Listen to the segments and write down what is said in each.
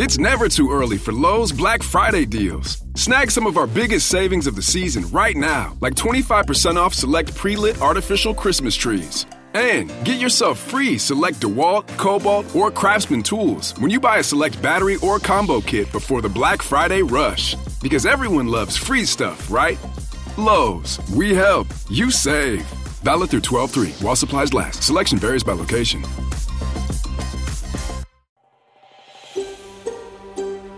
It's never too early for Lowe's Black Friday deals. Snag some of our biggest savings of the season right now, like 25% off select pre lit artificial Christmas trees. And get yourself free select DeWalt, Cobalt, or Craftsman tools when you buy a select battery or combo kit before the Black Friday rush. Because everyone loves free stuff, right? Lowe's, we help, you save. Valid through 12 3 while supplies last. Selection varies by location.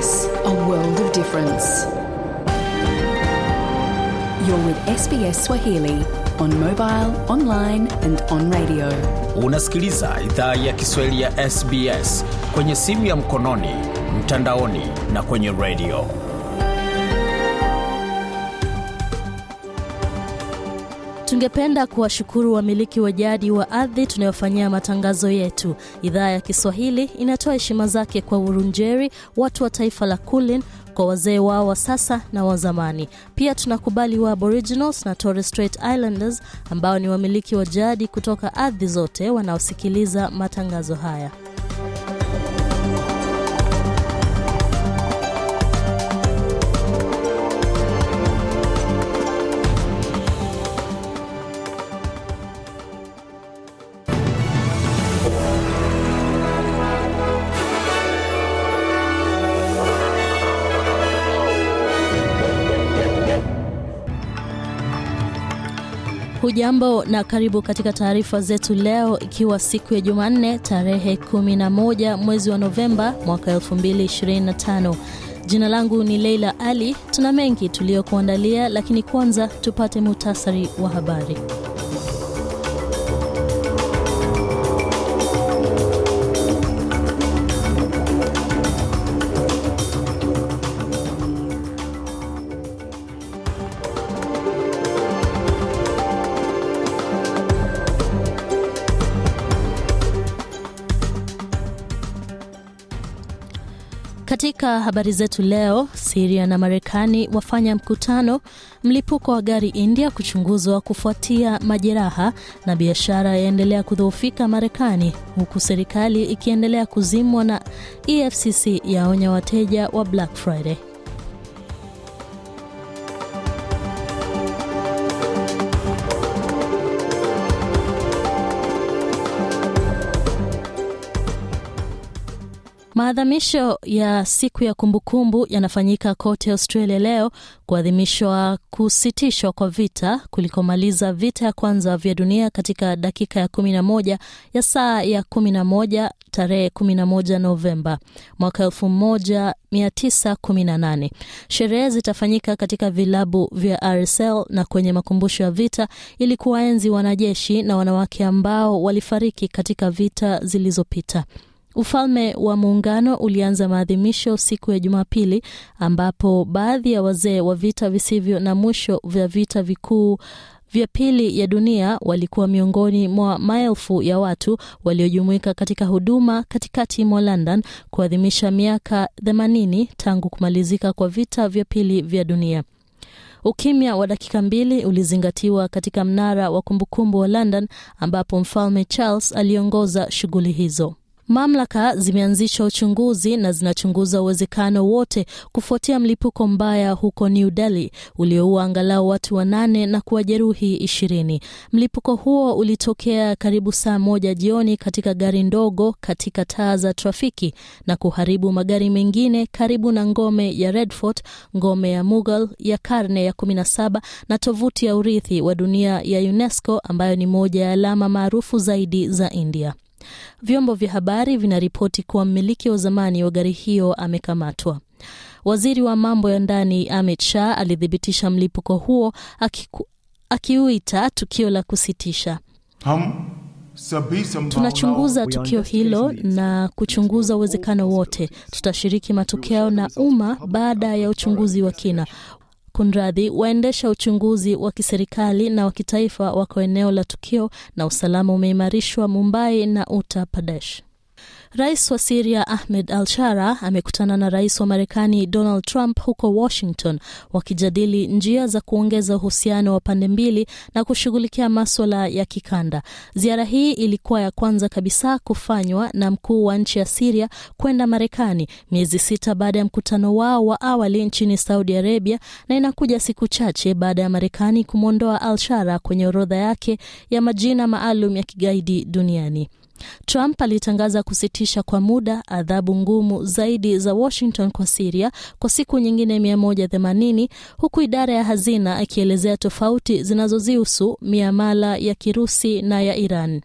SBS, a world of difference. You're with SBS Swahili on mobile, online and on radio. Unasikiliza idhaa ya Kiswahili ya SBS kwenye simu ya mkononi, mtandaoni na kwenye radio. Tungependa kuwashukuru wamiliki wa jadi wa ardhi tunayofanyia matangazo yetu. Idhaa ya Kiswahili inatoa heshima zake kwa Urunjeri, watu wa taifa la Kulin, kwa wazee wao wa sasa na wazamani Pia tunakubali wa Aboriginals na Torres Strait Islanders ambao ni wamiliki wa jadi kutoka ardhi zote wanaosikiliza matangazo haya. Hujambo na karibu katika taarifa zetu leo, ikiwa siku ya Jumanne tarehe 11 mwezi wa Novemba mwaka 2025. Jina langu ni Leila Ali. Tuna mengi tuliyokuandalia, lakini kwanza tupate muhtasari wa habari. Katika habari zetu leo, Siria na Marekani wafanya mkutano, mlipuko wa gari India kuchunguzwa kufuatia majeraha, na biashara yaendelea kudhoofika Marekani, huku serikali ikiendelea kuzimwa, na EFCC yaonya wateja wa Black Friday. Maadhimisho ya siku ya kumbukumbu yanafanyika kote Australia leo kuadhimishwa kusitishwa kwa vita kulikomaliza vita ya kwanza vya dunia katika dakika ya 11 ya saa ya 11 tarehe 11 Novemba mwaka 1918. Sherehe zitafanyika katika vilabu vya RSL na kwenye makumbusho ya vita ili kuwaenzi wanajeshi na wanawake ambao walifariki katika vita zilizopita. Ufalme wa Muungano ulianza maadhimisho siku ya Jumapili, ambapo baadhi ya wazee wa vita visivyo na mwisho vya vita vikuu vya pili ya dunia walikuwa miongoni mwa maelfu ya watu waliojumuika katika huduma katikati mwa London kuadhimisha miaka 80 tangu kumalizika kwa vita vya pili vya dunia. Ukimya wa dakika mbili ulizingatiwa katika mnara wa kumbukumbu wa London ambapo Mfalme Charles aliongoza shughuli hizo. Mamlaka zimeanzisha uchunguzi na zinachunguza uwezekano wote kufuatia mlipuko mbaya huko New Delhi ulioua angalau watu wanane na kuwajeruhi ishirini. Mlipuko huo ulitokea karibu saa moja jioni katika gari ndogo katika taa za trafiki na kuharibu magari mengine karibu na ngome ya Red Fort, ngome ya Mughal ya karne ya 17 na tovuti ya urithi wa dunia ya UNESCO ambayo ni moja ya alama maarufu zaidi za India. Vyombo vya habari vinaripoti kuwa mmiliki wa zamani wa gari hiyo amekamatwa. Waziri wa mambo ya ndani Amit Shah alithibitisha mlipuko huo akiuita akiuita tukio la kusitisha. Hum. Tunachunguza tukio hilo na kuchunguza uwezekano wote. Tutashiriki matokeo na umma baada ya uchunguzi wa kina kunradhi, waendesha uchunguzi wa kiserikali na wa kitaifa wako eneo la tukio na usalama umeimarishwa Mumbai na Uttar Pradesh. Rais wa Siria Ahmed al Shara amekutana na rais wa Marekani Donald Trump huko Washington, wakijadili njia za kuongeza uhusiano wa pande mbili na kushughulikia maswala ya kikanda. Ziara hii ilikuwa ya kwanza kabisa kufanywa na mkuu wa nchi ya Siria kwenda Marekani, miezi sita baada ya mkutano wao wa awali nchini Saudi Arabia, na inakuja siku chache baada ya Marekani kumwondoa al Shara kwenye orodha yake ya majina maalum ya kigaidi duniani. Trump alitangaza kusitisha kwa muda adhabu ngumu zaidi za Washington kwa Siria kwa siku nyingine 180 huku idara ya hazina akielezea tofauti zinazozihusu miamala ya Kirusi na ya Iran.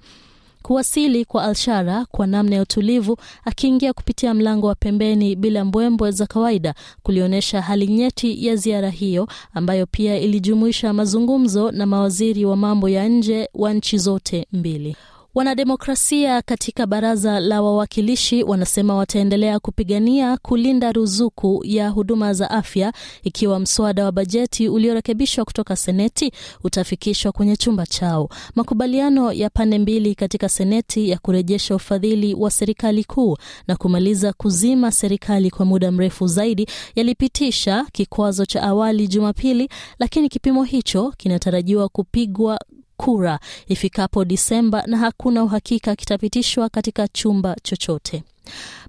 Kuwasili kwa Alshara kwa namna ya utulivu akiingia kupitia mlango wa pembeni bila mbwembwe za kawaida kulionyesha hali nyeti ya ziara hiyo ambayo pia ilijumuisha mazungumzo na mawaziri wa mambo ya nje wa nchi zote mbili. Wanademokrasia katika baraza la wawakilishi wanasema wataendelea kupigania kulinda ruzuku ya huduma za afya ikiwa mswada wa bajeti uliorekebishwa kutoka Seneti utafikishwa kwenye chumba chao. Makubaliano ya pande mbili katika Seneti ya kurejesha ufadhili wa serikali kuu na kumaliza kuzima serikali kwa muda mrefu zaidi yalipitisha kikwazo cha awali Jumapili, lakini kipimo hicho kinatarajiwa kupigwa kura ifikapo Disemba na hakuna uhakika kitapitishwa katika chumba chochote.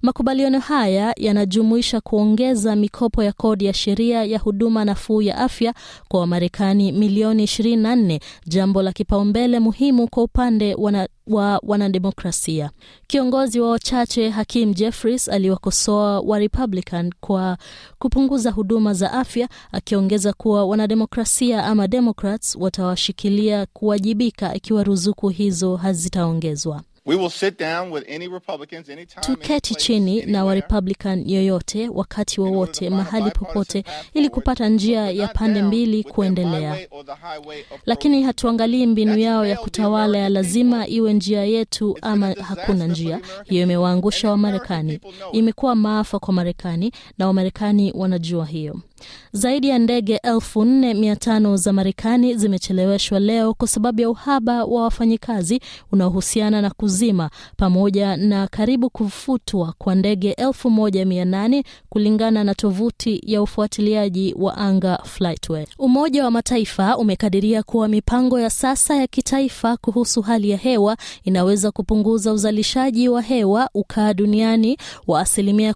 Makubaliano haya yanajumuisha kuongeza mikopo ya kodi ya sheria ya huduma nafuu ya afya kwa Wamarekani milioni 24, jambo la kipaumbele muhimu kwa upande wana wa wanademokrasia. Kiongozi wa wachache Hakim Jeffries aliwakosoa wa Republican kwa kupunguza huduma za afya, akiongeza kuwa wanademokrasia ama Democrats watawashikilia kuwajibika ikiwa ruzuku hizo hazitaongezwa. Tuketi chini na Warepublican yoyote wakati wowote wa mahali popote, ili kupata njia ya pande mbili kuendelea, lakini hatuangalii mbinu yao ya kutawala ya lazima iwe njia yetu ama hakuna njia. Hiyo imewaangusha Wamarekani, imekuwa maafa kwa Marekani na Wamarekani wanajua hiyo. Zaidi ya ndege 4500 za Marekani zimecheleweshwa leo kwa sababu ya uhaba wa wafanyikazi unaohusiana na kuzima pamoja na karibu kufutwa kwa ndege 1800 kulingana na tovuti ya ufuatiliaji wa anga Flightway. Umoja wa Mataifa umekadiria kuwa mipango ya sasa ya kitaifa kuhusu hali ya hewa inaweza kupunguza uzalishaji wa hewa ukaa duniani wa asilimia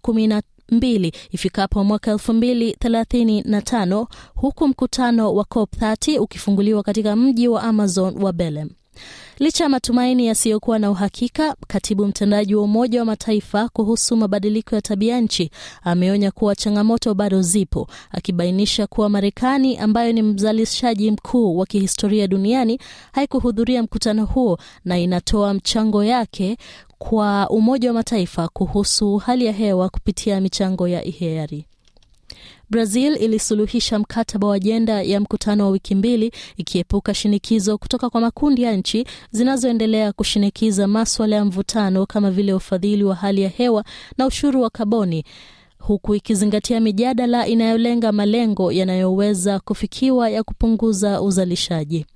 mbili ifikapo mwaka elfu mbili thelathini na tano huku mkutano wa COP30 ukifunguliwa katika mji wa Amazon wa Belem. Licha ya matumaini yasiyokuwa na uhakika, katibu mtendaji wa Umoja wa Mataifa kuhusu mabadiliko ya tabia nchi ameonya kuwa changamoto bado zipo, akibainisha kuwa Marekani ambayo ni mzalishaji mkuu wa kihistoria duniani haikuhudhuria mkutano huo na inatoa mchango yake kwa Umoja wa Mataifa kuhusu hali ya hewa kupitia michango ya hiari. Brazil ilisuluhisha mkataba wa ajenda ya mkutano wa wiki mbili ikiepuka shinikizo kutoka kwa makundi ya nchi zinazoendelea kushinikiza maswala ya mvutano kama vile ufadhili wa hali ya hewa na ushuru wa kaboni huku ikizingatia mijadala inayolenga malengo yanayoweza kufikiwa ya kupunguza uzalishaji.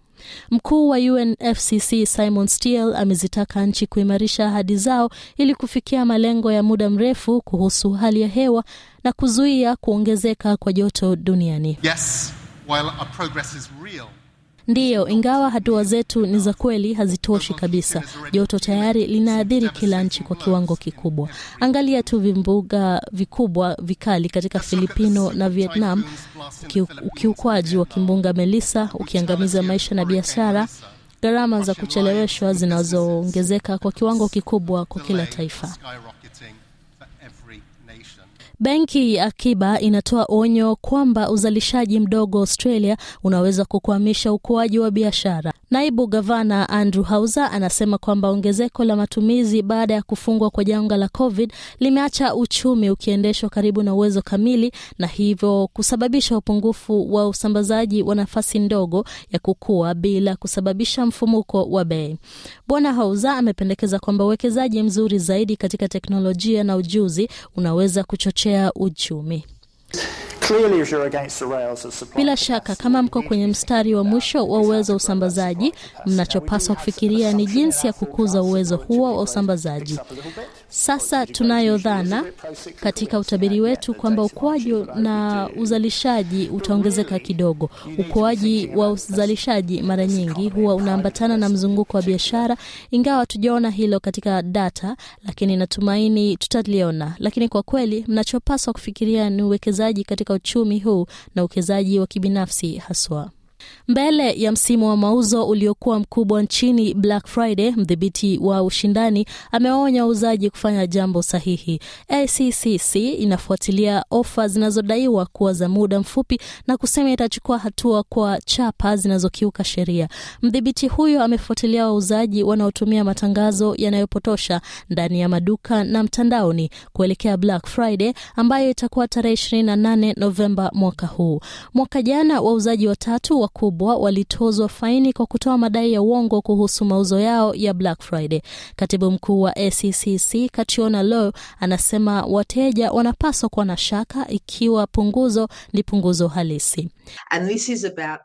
Mkuu wa unfcc Simon Steele amezitaka nchi kuimarisha ahadi zao ili kufikia malengo ya muda mrefu kuhusu hali ya hewa na kuzuia kuongezeka kwa joto duniani. Yes, while our progress is real. Ndiyo, ingawa hatua zetu ni za kweli, hazitoshi kabisa. Joto tayari linaadhiri kila nchi kwa kiwango kikubwa. Angalia tu vimbuga vikubwa vikali katika Filipino na Vietnam ukiukwaji wa kimbunga Melissa ukiangamiza maisha na biashara, gharama za kucheleweshwa zinazoongezeka kwa kiwango kikubwa kwa kila taifa. Benki ya Akiba inatoa onyo kwamba uzalishaji mdogo Australia unaweza kukwamisha ukuaji wa biashara. Naibu gavana Andrew Hauser anasema kwamba ongezeko la matumizi baada ya kufungwa kwa janga la COVID limeacha uchumi ukiendeshwa karibu na uwezo kamili na hivyo kusababisha upungufu wa usambazaji wa nafasi ndogo ya kukua bila kusababisha mfumuko wa bei. Bwana Hauser amependekeza kwamba uwekezaji mzuri zaidi katika teknolojia na ujuzi unaweza kuchochea kuchochea uchumi. Bila shaka kama mko kwenye mstari wa mwisho wa uwezo wa usambazaji, mnachopaswa kufikiria ni jinsi ya kukuza uwezo huo wa usambazaji. Sasa tunayo dhana katika utabiri wetu kwamba ukuaji na uzalishaji utaongezeka kidogo. Ukuaji wa uzalishaji mara nyingi huwa unaambatana na mzunguko wa biashara, ingawa tujaona hilo katika data, lakini natumaini tutaliona. Lakini kwa kweli mnachopaswa kufikiria ni uwekezaji katika uchumi huu na uwekezaji wa kibinafsi haswa. Mbele ya msimu wa mauzo uliokuwa mkubwa nchini Black Friday, mdhibiti wa ushindani amewaonya wauzaji kufanya jambo sahihi. ACCC inafuatilia ofa zinazodaiwa kuwa za muda mfupi na kusema itachukua hatua kwa chapa zinazokiuka sheria. Mdhibiti huyo amefuatilia wauzaji wanaotumia matangazo yanayopotosha ndani ya maduka na mtandaoni kuelekea Black Friday ambayo itakuwa tarehe 28 Novemba mwaka huu. Mwaka jana wauzaji watatu wa wakubwa walitozwa faini kwa kutoa madai ya uongo kuhusu mauzo yao ya Black Friday. Katibu mkuu wa ACCC Kationa Low anasema wateja wanapaswa kuwa na shaka ikiwa punguzo ni punguzo halisi. And this is about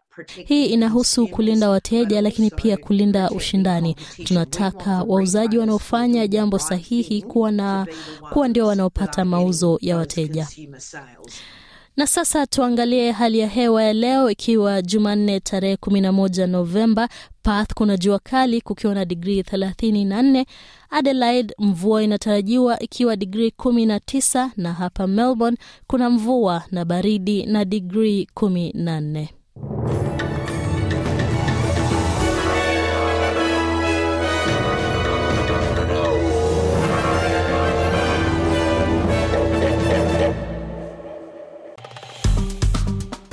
hii inahusu kulinda wateja lakini pia kulinda ushindani. Tunataka wauzaji wanaofanya jambo sahihi kuwa na kuwa ndio wanaopata mauzo ya wateja. Na sasa tuangalie hali ya hewa ya leo, ikiwa Jumanne tarehe 11 Novemba. Perth kuna jua kali kukiwa na digrii 34. Adelaide mvua inatarajiwa ikiwa digrii 19, na hapa Melbourne kuna mvua na baridi na digrii 14.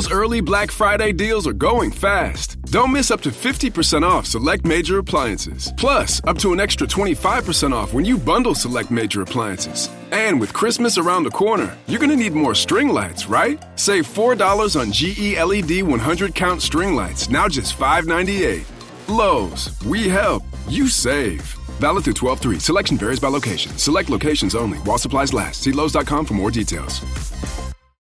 Lowe's early Black Friday deals are going fast. Don't miss up to 50% off select major appliances, plus up to an extra 25% off when you bundle select major appliances. And with Christmas around the corner, you're going to need more string lights, right? Save $4 on GE LED 100 count string lights, now just $5.98. Lowe's, we help, you save. Valid through 12 3. Selection varies by location. Select locations only while supplies last. See Lowe's.com for more details.